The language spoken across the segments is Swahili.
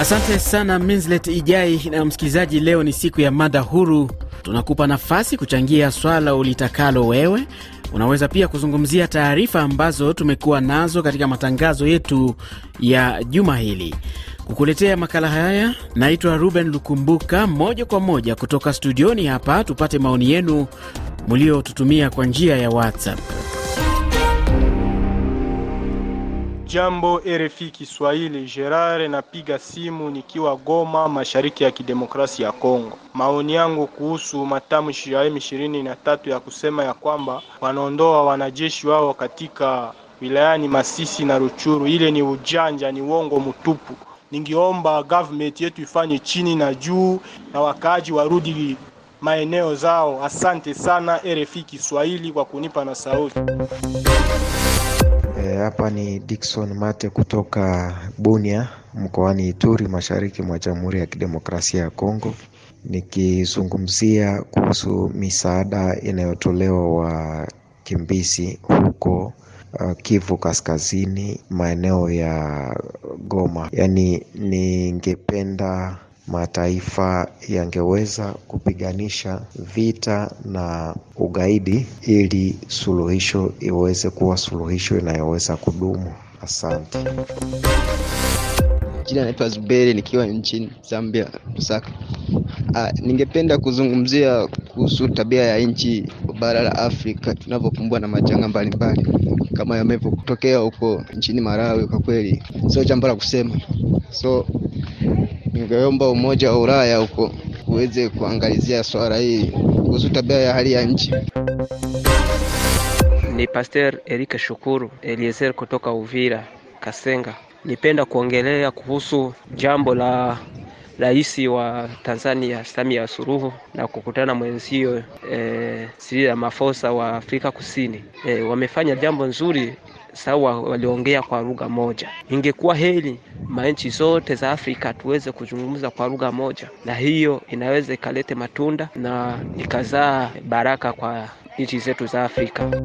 Asante sana Minslet Ijai. Na msikilizaji, leo ni siku ya mada huru, tunakupa nafasi kuchangia swala ulitakalo wewe. Unaweza pia kuzungumzia taarifa ambazo tumekuwa nazo katika matangazo yetu ya juma hili. Kukuletea makala haya naitwa Ruben Lukumbuka, moja kwa moja kutoka studioni hapa, tupate maoni yenu mliotutumia kwa njia ya WhatsApp. Jambo RFI Kiswahili, Gerard napiga simu nikiwa Goma, mashariki ya kidemokrasia ya Kongo. Maoni yangu kuhusu matamshi ya M23 ya kusema ya kwamba wanaondoa wanajeshi wao katika wilayani Masisi na Ruchuru, ile ni ujanja, ni uongo mtupu. Ningeomba government yetu ifanye chini na juu na wakaaji warudi maeneo zao. Asante sana RFI Kiswahili kwa kunipa na sauti. Eh, hapa e, ni Dickson Mate kutoka Bunia mkoani Ituri mashariki mwa Jamhuri ya Kidemokrasia ya Kongo nikizungumzia kuhusu misaada inayotolewa wakimbizi huko uh, Kivu Kaskazini maeneo ya Goma. Yaani ningependa mataifa yangeweza kupiganisha vita na ugaidi ili suluhisho iweze kuwa suluhisho inayoweza kudumu. Asante. Jina naitwa Zuberi nikiwa nchini Zambia, Lusaka. Ah, ningependa kuzungumzia kuhusu tabia ya nchi bara la Afrika tunavyokumbwa na majanga mbalimbali kama yamevyotokea huko nchini Malawi. Kwa kweli sio jambo la kusema, so Ningeomba Umoja wa Ulaya huko uweze kuangalizia swala hili kuhusu tabia ya hali ya nchi. Ni Pasteur Erike Shukuru Eliezer kutoka Uvira Kasenga. Nipenda kuongelea kuhusu jambo la rais wa Tanzania Samia Suluhu na kukutana mwenzio e, Cyril Ramaphosa wa Afrika Kusini e, wamefanya jambo nzuri sawa, waliongea kwa lugha moja. Ingekuwa heli manchi zote za Afrika tuweze kuzungumza kwa lugha moja, na hiyo inaweza ikalete matunda na ikazaa baraka kwa nchi zetu za Afrika.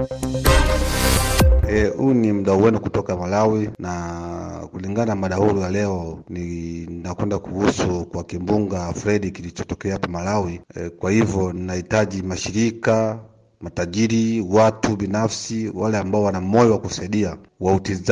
Eh, huu e, ni mdau wenu kutoka Malawi, na kulingana na mada huru ya leo ninakwenda kuhusu kwa kimbunga Fredi kilichotokea hapa Malawi. E, kwa hivyo ninahitaji mashirika matajiri, watu binafsi, wale ambao wana moyo wa kusaidia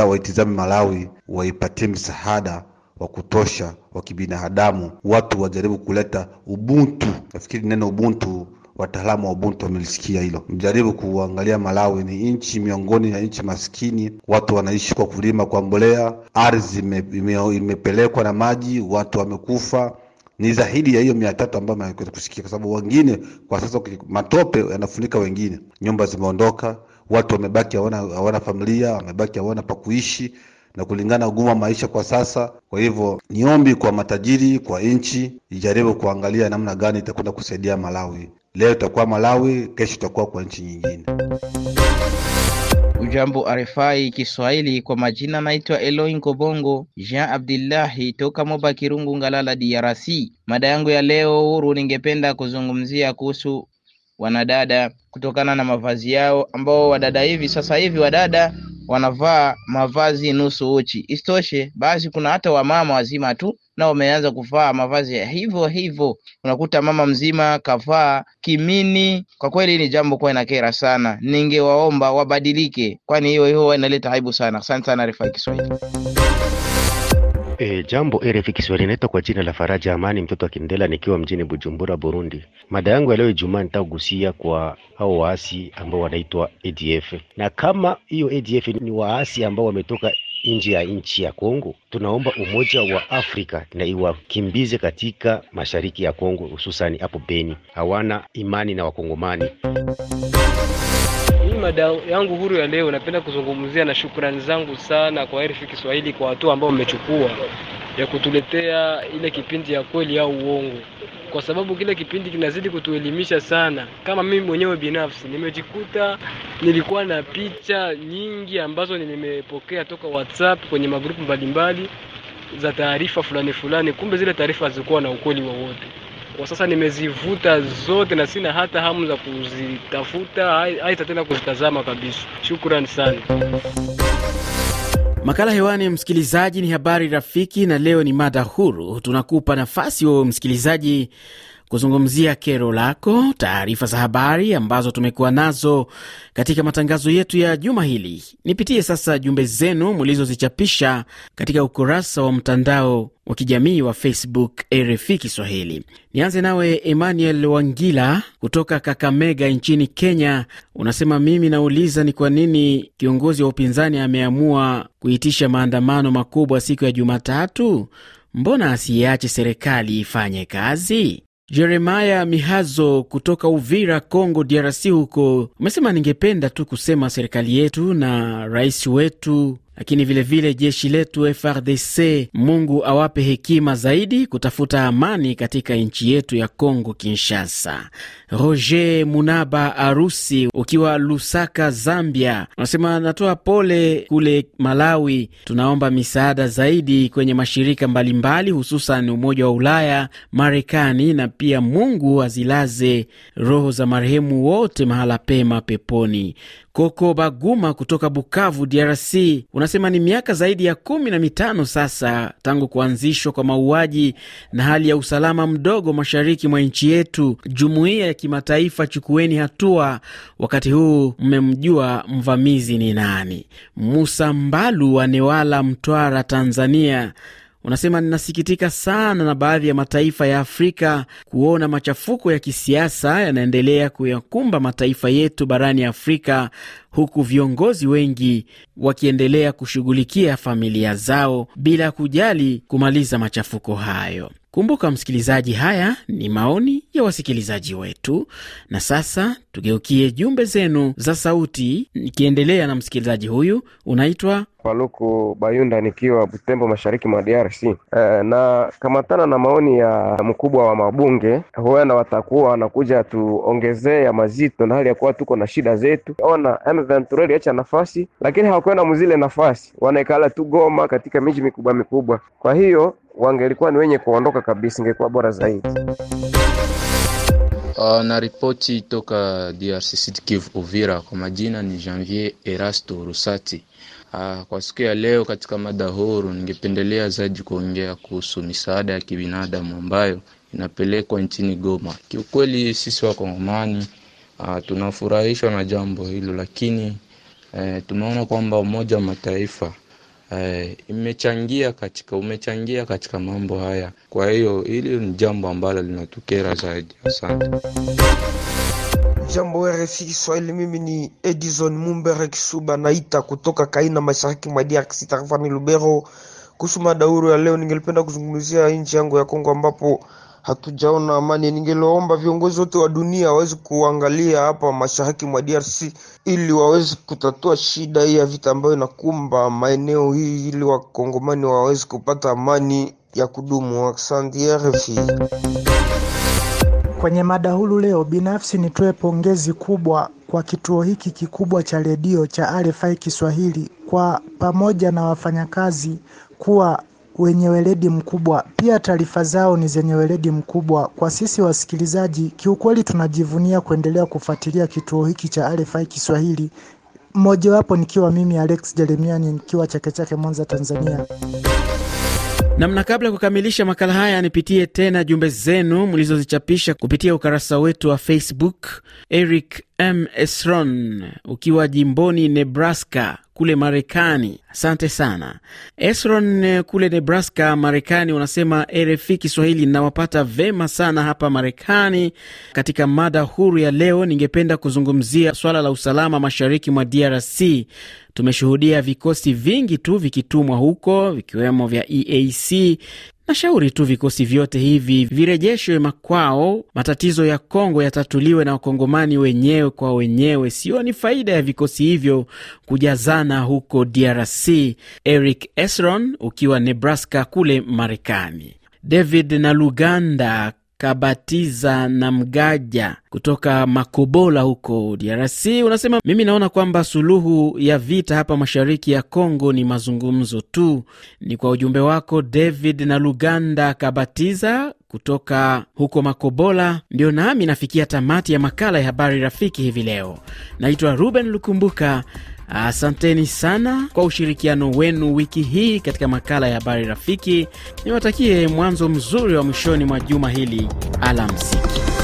waitizame Malawi, waipatie msaada wa kutosha wa kibinadamu. Watu wajaribu kuleta ubuntu. Nafikiri neno ubuntu, wataalamu wa ubuntu wamelisikia hilo. Mjaribu kuangalia Malawi ni nchi miongoni ya nchi maskini. Watu wanaishi kwa kulima kwa mbolea, ardhi ime, ime, imepelekwa na maji, watu wamekufa ni zaidi ya hiyo mia tatu ambayo ameweza kusikia, kwa sababu wengine kwa sasa matope yanafunika wengine, nyumba zimeondoka, watu wamebaki hawana familia, wamebaki hawana pa kuishi na kulingana ugumu wa maisha kwa sasa. Kwa hivyo niombi kwa matajiri, kwa nchi ijaribu kuangalia namna gani itakwenda kusaidia Malawi. Leo itakuwa Malawi, kesho itakuwa kwa nchi nyingine. Mjambo RFI Kiswahili, kwa majina naitwa Eloi Kobongo Jean abdullahi toka Moba Kirungu, Ngalala, DRC. Mada yangu ya leo huru, ningependa kuzungumzia kuhusu wanadada kutokana na mavazi yao, ambao wadada hivi sasa hivi wadada wanavaa mavazi nusu uchi. Isitoshe basi kuna hata wamama wazima tu nao wameanza kuvaa mavazi ya hivyo hivyo, unakuta mama mzima kavaa kimini. Kwa kweli ni jambo kuwa inakera sana, ningewaomba wabadilike, kwani hiyo hiyo inaleta aibu sana. Asante sana Rifaa Kiswahili. E, jambo eh, RFI Kiswahili, naitwa kwa jina la Faraja Amani mtoto wa Kindela nikiwa mjini Bujumbura, Burundi. Mada yangu ya leo Ijumaa nitagusia kwa hao waasi ambao wanaitwa ADF, na kama hiyo ADF ni waasi ambao wametoka nje ya nchi ya Kongo. Tunaomba Umoja wa Afrika na iwakimbize katika mashariki ya Kongo, hususani hapo Beni. Hawana imani na Wakongomani. hii mada yangu huru ya leo napenda kuzungumzia na shukrani zangu sana kwa RFI Kiswahili kwa hatua ambao mmechukua ya kutuletea ile kipindi ya kweli au uongo kwa sababu kile kipindi kinazidi kutuelimisha sana. Kama mimi mwenyewe binafsi nimejikuta nilikuwa na picha nyingi ambazo nimepokea toka WhatsApp kwenye magrupu mbalimbali za taarifa fulani fulani, kumbe zile taarifa hazikuwa na ukweli wowote. Kwa sasa nimezivuta zote na sina hata hamu za kuzitafuta, haita tena kuzitazama kabisa. Shukrani sana. Makala hewani, msikilizaji, ni habari rafiki, na leo ni mada huru. Tunakupa nafasi wewe msikilizaji kuzungumzia kero lako, taarifa za habari ambazo tumekuwa nazo katika matangazo yetu ya juma hili. Nipitie sasa jumbe zenu mlizozichapisha katika ukurasa wa mtandao wa kijamii wa Facebook RFI Kiswahili. Nianze nawe Emmanuel Wangila kutoka Kakamega nchini Kenya. Unasema, mimi nauliza ni kwa nini kiongozi wa upinzani ameamua kuitisha maandamano makubwa siku ya Jumatatu? Mbona asiache serikali ifanye kazi? Jeremaya Mihazo kutoka Uvira, Congo DRC huko amesema, ningependa tu kusema serikali yetu na rais wetu lakini vilevile vile jeshi letu FRDC. Mungu awape hekima zaidi kutafuta amani katika nchi yetu ya Kongo Kinshasa. Roger Munaba Arusi ukiwa Lusaka, Zambia, unasema natoa pole kule Malawi, tunaomba misaada zaidi kwenye mashirika mbalimbali, hususan Umoja wa Ulaya, Marekani na pia Mungu azilaze roho za marehemu wote mahala pema peponi. Koko Baguma kutoka Bukavu, DRC, unasema ni miaka zaidi ya kumi na mitano sasa tangu kuanzishwa kwa mauaji na hali ya usalama mdogo mashariki mwa nchi yetu. Jumuiya ya kimataifa, chukueni hatua, wakati huu mmemjua mvamizi ni nani. Musa Mbalu wa Newala, Mtwara, Tanzania, Unasema, ninasikitika sana na baadhi ya mataifa ya Afrika kuona machafuko ya kisiasa yanaendelea kuyakumba mataifa yetu barani Afrika, huku viongozi wengi wakiendelea kushughulikia familia zao bila kujali kumaliza machafuko hayo. Kumbuka msikilizaji, haya ni maoni ya wasikilizaji wetu. Na sasa tugeukie jumbe zenu za sauti, nikiendelea na msikilizaji huyu, unaitwa Paluku Bayunda nikiwa Butembo, mashariki mwa DRC. E, eh, na kamatana na maoni ya mkubwa wa mabunge, huenda watakuwa wanakuja tuongezee ya mazito, na hali ya kuwa tuko na shida zetu. Ona M23 iliacha nafasi, lakini hawakwenda muzile nafasi, wanaekala tu Goma katika miji mikubwa mikubwa. Kwa hiyo wangelikuwa ni wenye kuondoka kabisa, ingekuwa bora zaidi. Uh, na ripoti toka DRC Sud Kivu Uvira. Kwa majina ni Janvier Erasto Rusati. Uh, kwa siku ya leo katika mada huru ningependelea zaidi kuongea kuhusu misaada ya kibinadamu ambayo inapelekwa nchini Goma. Kiukweli sisi Wakongomani uh, tunafurahishwa na jambo hilo, lakini uh, tumeona kwamba Umoja wa Mataifa eh, imechangia katika umechangia katika mambo haya. Kwa hiyo hili ni jambo ambalo linatukera zaidi. Asante. Jambo RFI Kiswahili, mimi ni Edison Mumbere Kisuba, naita kutoka Kaina, mashariki mwa DRC, tarafani Lubero. Kuhusu mada ya leo, ningelipenda kuzungumzia nchi yangu ya Kongo ambapo hatujaona amani. ningeloomba viongozi wote wa dunia waweze kuangalia hapa mashariki mwa DRC ili waweze kutatua shida hii ya vita ambayo inakumba maeneo hii ili wakongomani waweze kupata amani ya kudumu. Asante RFI. Kwenye mada huru leo, binafsi nitoe pongezi kubwa kwa kituo hiki kikubwa cha redio cha RFI Kiswahili kwa pamoja na wafanyakazi kuwa wenye weledi mkubwa. Pia taarifa zao ni zenye weledi mkubwa. Kwa sisi wasikilizaji, kiukweli tunajivunia kuendelea kufuatilia kituo hiki cha RFI Kiswahili, mmojawapo nikiwa mimi Alex Jeremiani nikiwa Chake Chake, Mwanza, Tanzania. Namna kabla ya kukamilisha makala haya, nipitie tena jumbe zenu mlizozichapisha kupitia ukarasa wetu wa Facebook. Eric M Esron ukiwa jimboni Nebraska kule Marekani. Asante sana Esron eh, kule Nebraska, Marekani. Unasema RFI Kiswahili nawapata vema sana hapa Marekani. Katika mada huru ya leo, ningependa kuzungumzia swala la usalama mashariki mwa DRC. Tumeshuhudia vikosi vingi tu vikitumwa huko vikiwemo vya EAC Nashauri tu vikosi vyote hivi virejeshwe makwao. Matatizo ya Kongo yatatuliwe na wakongomani wenyewe kwa wenyewe. Sioni faida ya vikosi hivyo kujazana huko DRC. Eric Esron ukiwa Nebraska kule Marekani. David na Luganda Kabatiza na Mgaja kutoka Makobola huko DRC unasema, mimi naona kwamba suluhu ya vita hapa mashariki ya Kongo ni mazungumzo tu. Ni kwa ujumbe wako David na Luganda Kabatiza kutoka huko Makobola. Ndio nami nafikia tamati ya makala ya habari rafiki hivi leo. Naitwa Ruben Lukumbuka. Asanteni sana kwa ushirikiano wenu wiki hii katika makala ya habari rafiki. Niwatakie mwanzo mzuri wa mwishoni mwa juma hili. Alamsiki.